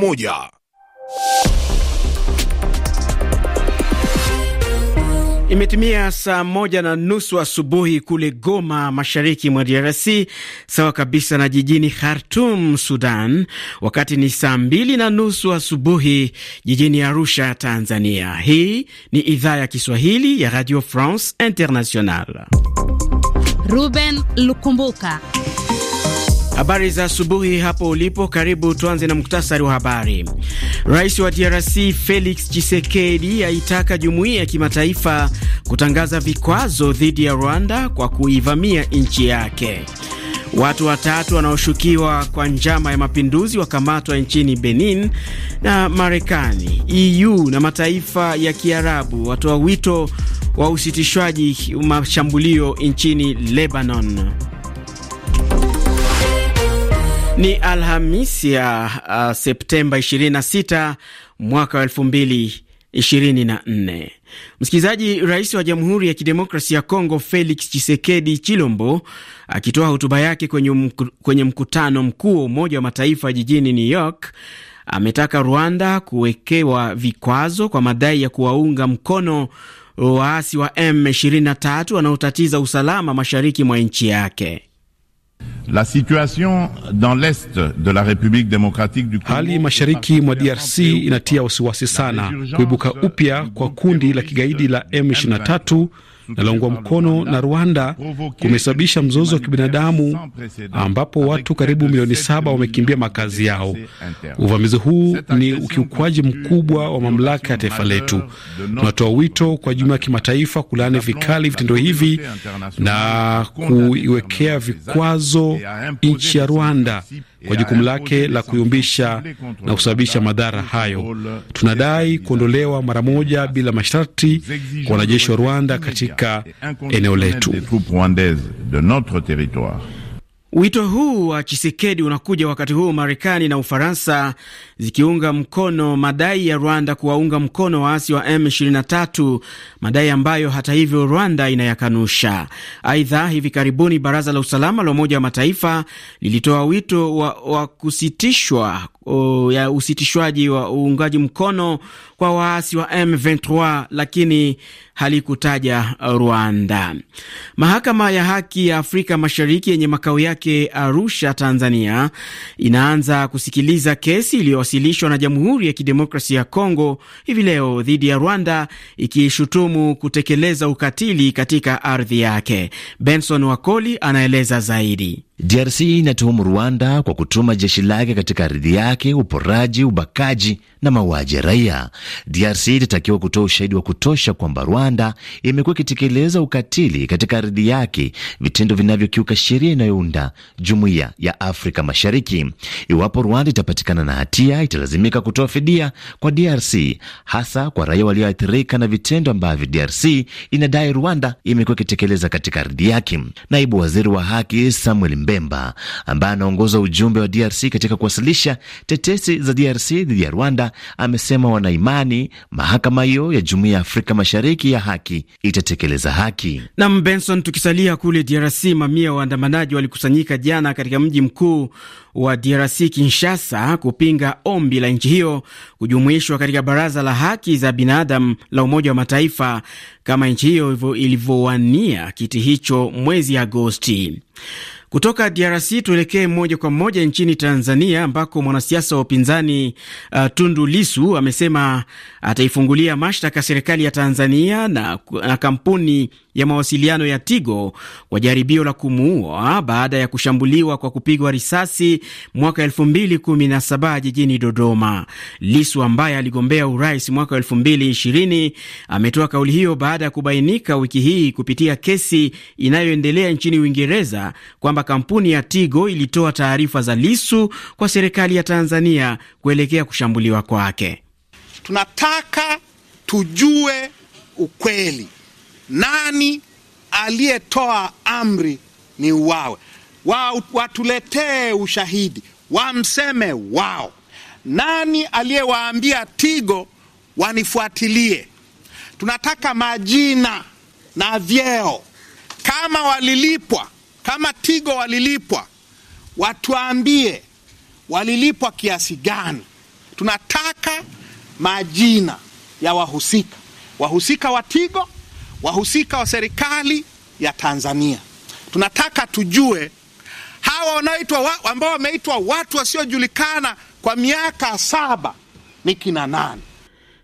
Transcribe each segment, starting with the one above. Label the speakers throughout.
Speaker 1: moja. Imetimia saa moja na nusu asubuhi kule Goma, mashariki mwa DRC, sawa kabisa na jijini Khartum, Sudan. Wakati ni saa mbili na nusu asubuhi jijini Arusha, Tanzania. Hii ni idhaa ya Kiswahili ya Radio France International.
Speaker 2: Ruben Lukumbuka
Speaker 1: Habari za asubuhi hapo ulipo, karibu. Tuanze na muktasari wa habari. Rais wa DRC Felix Tshisekedi aitaka jumuiya ya kimataifa kutangaza vikwazo dhidi ya Rwanda kwa kuivamia nchi yake. Watu watatu wanaoshukiwa kwa njama ya mapinduzi wakamatwa nchini Benin. Na Marekani, EU na mataifa ya Kiarabu watoa wito wa usitishwaji mashambulio nchini Lebanon. Ni Alhamisi ya uh, Septemba 26 mwaka wa 2024. Msikilizaji, rais wa Jamhuri ya Kidemokrasia ya Kongo Felix Tshisekedi Chilombo akitoa hotuba yake kwenye, mku, kwenye mkutano mkuu wa Umoja wa Mataifa jijini New York ametaka Rwanda kuwekewa vikwazo kwa madai ya kuwaunga mkono waasi wa M23 wanaotatiza usalama mashariki mwa nchi yake.
Speaker 3: La situation dans l'est de la République démocratique du Congo. Hali mashariki mwa DRC inatia wasiwasi sana. Kuibuka upya kwa kundi la kigaidi la M23 linaloungwa mkono na Rwanda kumesababisha mzozo wa kibinadamu ambapo watu karibu milioni saba wamekimbia makazi yao. Uvamizi huu ni ukiukwaji mkubwa wa mamlaka ya taifa letu. Tunatoa wito kwa jumuiya ya kimataifa kulaani vikali vitendo hivi na kuiwekea vikwazo nchi ya Rwanda kwa jukumu lake la kuyumbisha na kusababisha madhara hayo. Tunadai kuondolewa mara moja bila masharti kwa wanajeshi wa Rwanda katika eneo letu.
Speaker 1: Wito huu wa Chisekedi unakuja wakati huu Marekani na Ufaransa zikiunga mkono madai ya Rwanda kuwaunga mkono waasi wa M23, madai ambayo hata hivyo Rwanda inayakanusha. Aidha, hivi karibuni baraza la usalama la Umoja wa Mataifa lilitoa wito wa, wa kusitishwa o, ya usitishwaji wa uungaji mkono kwa waasi wa M23, lakini halikutaja Rwanda. Mahakama ya Haki ya Afrika Mashariki yenye makao yake Arusha, Tanzania, inaanza kusikiliza kesi iliyowasilishwa na Jamhuri ya Kidemokrasia ya Kongo hivi leo dhidi ya Rwanda, ikishutumu kutekeleza ukatili katika ardhi yake. Benson Wakoli anaeleza zaidi. DRC inatuhumu Rwanda kwa kutuma jeshi lake katika ardhi yake, uporaji, ubakaji na mauaji ya raia. DRC itatakiwa kutoa ushahidi wa kutosha kwamba Rwanda imekuwa ikitekeleza ukatili katika ardhi yake, vitendo vinavyokiuka sheria inayounda Jumuiya ya Afrika Mashariki. Iwapo Rwanda itapatikana na hatia, italazimika kutoa fidia kwa DRC, hasa kwa raia walioathirika na vitendo ambavyo DRC inadai Rwanda imekuwa ikitekeleza katika ardhi yake. Naibu waziri wa haki Samuel Bemba ambaye anaongoza ujumbe wa DRC katika kuwasilisha tetesi za DRC dhidi ya Rwanda amesema wanaimani mahakama hiyo ya Jumuiya ya Afrika Mashariki ya haki itatekeleza haki. Nam Benson, tukisalia kule DRC, mamia waandamanaji walikusanyika jana katika mji mkuu wa DRC Kinshasa kupinga ombi la nchi hiyo kujumuishwa katika Baraza la Haki za Binadamu la Umoja wa Mataifa kama nchi hiyo ilivyowania kiti hicho mwezi Agosti. Kutoka DRC tuelekee moja kwa moja nchini Tanzania ambako mwanasiasa wa upinzani uh, Tundu Lisu amesema ataifungulia mashtaka serikali ya Tanzania na, na kampuni ya mawasiliano ya Tigo kwa jaribio la kumuua baada ya kushambuliwa kwa kupigwa risasi mwaka 2017 jijini Dodoma. Lisu ambaye aligombea urais mwaka 2020 ametoa kauli hiyo baada ya kubainika wiki hii kupitia kesi inayoendelea nchini Uingereza kwamba kampuni ya Tigo ilitoa taarifa za Lisu kwa serikali ya Tanzania kuelekea kushambuliwa kwake.
Speaker 3: Tunataka tujue ukweli nani aliyetoa amri ni uwawe? Wa, watuletee ushahidi, wamseme wao. Nani aliyewaambia Tigo wanifuatilie? Tunataka majina na vyeo. Kama walilipwa, kama Tigo walilipwa, watuambie walilipwa kiasi gani. Tunataka majina ya wahusika, wahusika wa Tigo wahusika wa serikali ya Tanzania. Tunataka tujue hawa wanaoitwa ambao wameitwa watu wasiojulikana kwa miaka saba ni kina nani?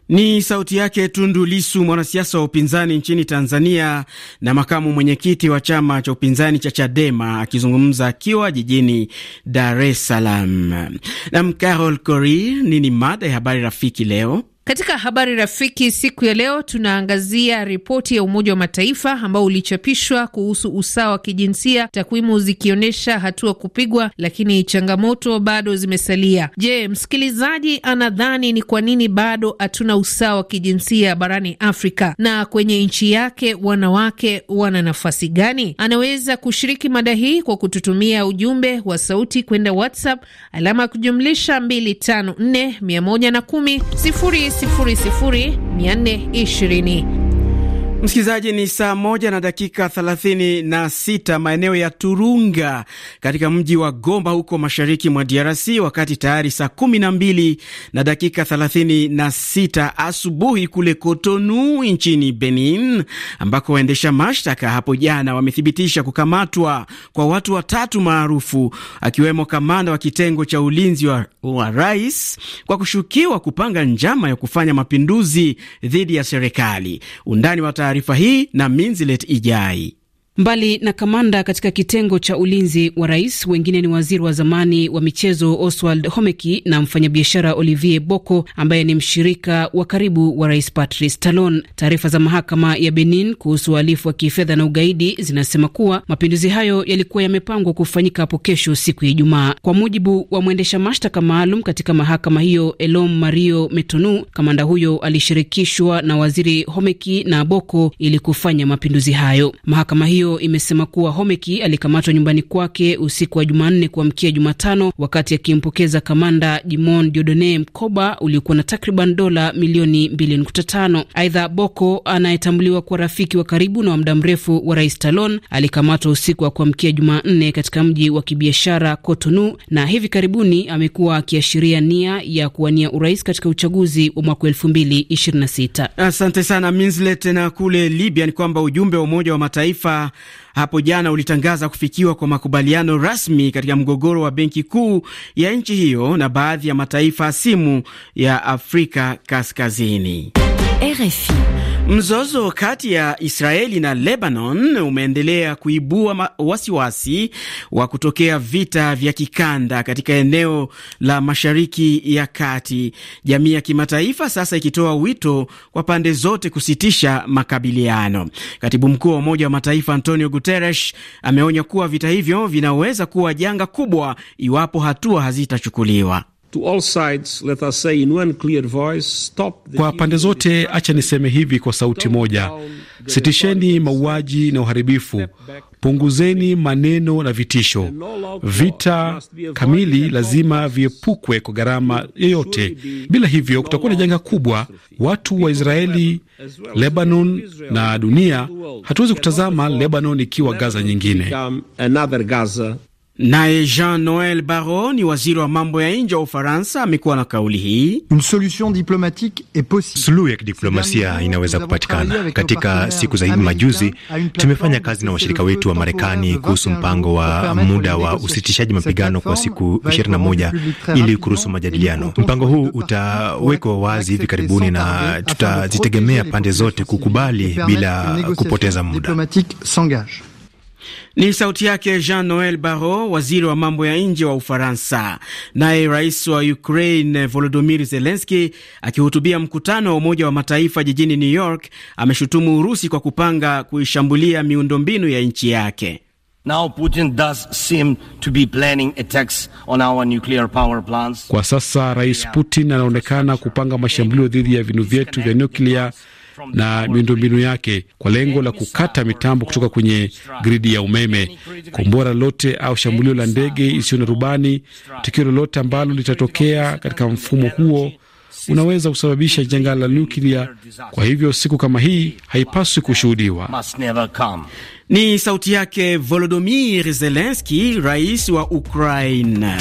Speaker 1: Ni sauti yake Tundu Lisu, mwanasiasa wa upinzani nchini Tanzania na makamu mwenyekiti wa chama cha upinzani cha Chadema, akizungumza akiwa jijini Dar es Salaam. Nam Carol Cori, nini mada ya habari rafiki leo?
Speaker 2: Katika habari rafiki siku ya leo tunaangazia ripoti ya Umoja wa Mataifa ambao ulichapishwa kuhusu usawa wa kijinsia, takwimu zikionyesha hatua kupigwa, lakini changamoto bado zimesalia. Je, msikilizaji anadhani ni kwa nini bado hatuna usawa wa kijinsia barani Afrika na kwenye nchi yake wanawake wana nafasi gani? Anaweza kushiriki mada hii kwa kututumia ujumbe wa sauti kwenda WhatsApp alama ya kujumlisha 254 110 000 ishirini.
Speaker 1: Msikilizaji, ni saa moja na dakika thelathini na sita maeneo ya Turunga katika mji wa Goma huko mashariki mwa DRC, wakati tayari saa kumi na mbili na dakika thelathini na sita asubuhi kule Kotonu nchini Benin, ambako waendesha mashtaka hapo jana wamethibitisha kukamatwa kwa watu watatu maarufu, akiwemo kamanda wa kitengo cha ulinzi wa, wa rais kwa kushukiwa kupanga njama ya kufanya mapinduzi dhidi ya serikali. Undani wa taarifa hii na Minzilet Ijai.
Speaker 2: Mbali na kamanda katika kitengo cha ulinzi wa rais, wengine ni waziri wa zamani wa michezo Oswald Homeki na mfanyabiashara Olivier Boko ambaye ni mshirika wa karibu wa rais Patrice Talon. Taarifa za mahakama ya Benin kuhusu uhalifu wa kifedha na ugaidi zinasema kuwa mapinduzi hayo yalikuwa yamepangwa kufanyika hapo kesho, siku ya Ijumaa. Kwa mujibu wa mwendesha mashtaka maalum katika mahakama hiyo Elom Mario Metonu, kamanda huyo alishirikishwa na waziri Homeki na Boko ili kufanya mapinduzi hayo. Mahakama hiyo hiyo imesema kuwa Homeki alikamatwa nyumbani kwake usiku wa Jumanne kuamkia Jumatano wakati akimpokeza kamanda Jimon Diodone mkoba uliokuwa na takriban dola milioni 2.5. Aidha, Boko anayetambuliwa kuwa rafiki wa karibu na wa muda mrefu wa rais Talon alikamatwa usiku wa kuamkia Jumanne katika mji wa kibiashara Cotonou na hivi karibuni amekuwa akiashiria nia ya kuwania urais katika uchaguzi wa mwaka 2026. Asante sana Minslet. Na
Speaker 1: kule Libya ni kwamba ujumbe wa Umoja wa Mataifa hapo jana ulitangaza kufikiwa kwa makubaliano rasmi katika mgogoro wa benki kuu ya nchi hiyo na baadhi ya mataifa asimu ya Afrika Kaskazini. RFI. Mzozo kati ya Israeli na Lebanon umeendelea kuibua wasiwasi wa kutokea vita vya kikanda katika eneo la Mashariki ya Kati. Jamii ya kimataifa sasa ikitoa wito kwa pande zote kusitisha makabiliano. Katibu Mkuu wa Umoja wa Mataifa Antonio Guterres ameonya kuwa vita hivyo vinaweza kuwa janga kubwa iwapo hatua hazitachukuliwa.
Speaker 3: Kwa pande zote, acha niseme hivi kwa sauti moja: sitisheni mauaji na uharibifu, punguzeni maneno na vitisho. Vita kamili lazima viepukwe kwa gharama yoyote, bila hivyo kutakuwa na janga kubwa. Watu wa Israeli, Lebanon
Speaker 1: na dunia, hatuwezi kutazama Lebanon ikiwa Gaza nyingine. Naye Jean Noel Barrot ni waziri wa mambo ya nje wa Ufaransa amekuwa na kauli hii. Suluhu ya kidiplomasia inaweza kupatikana. Katika siku za hivi majuzi, tumefanya kazi na washirika wetu wa Marekani kuhusu mpango wa muda wa usitishaji mapigano kwa siku 21 ili kuruhusu majadiliano. Mpango huu utawekwa wazi hivi karibuni na tutazitegemea pande zote kukubali bila kupoteza muda. Ni sauti yake Jean Noel barro waziri wa mambo ya nje wa Ufaransa. Naye rais wa Ukraine volodimir zelenski akihutubia mkutano wa Umoja wa Mataifa jijini New York ameshutumu Urusi kwa kupanga kuishambulia miundombinu ya nchi yake. Now Putin does seem to be planning attacks on our nuclear power plants. Kwa sasa
Speaker 3: Rais Putin anaonekana kupanga mashambulio dhidi ya vinu vyetu vya nyuklia na miundombinu yake kwa lengo la kukata mitambo kutoka kwenye gridi ya umeme. Kombora lote au shambulio la ndege isiyo na rubani, tukio lolote ambalo litatokea katika mfumo huo unaweza kusababisha janga la nyuklia. Kwa hivyo siku kama hii
Speaker 1: haipaswi kushuhudiwa. Ni sauti yake Volodymyr Zelensky, rais wa Ukraine.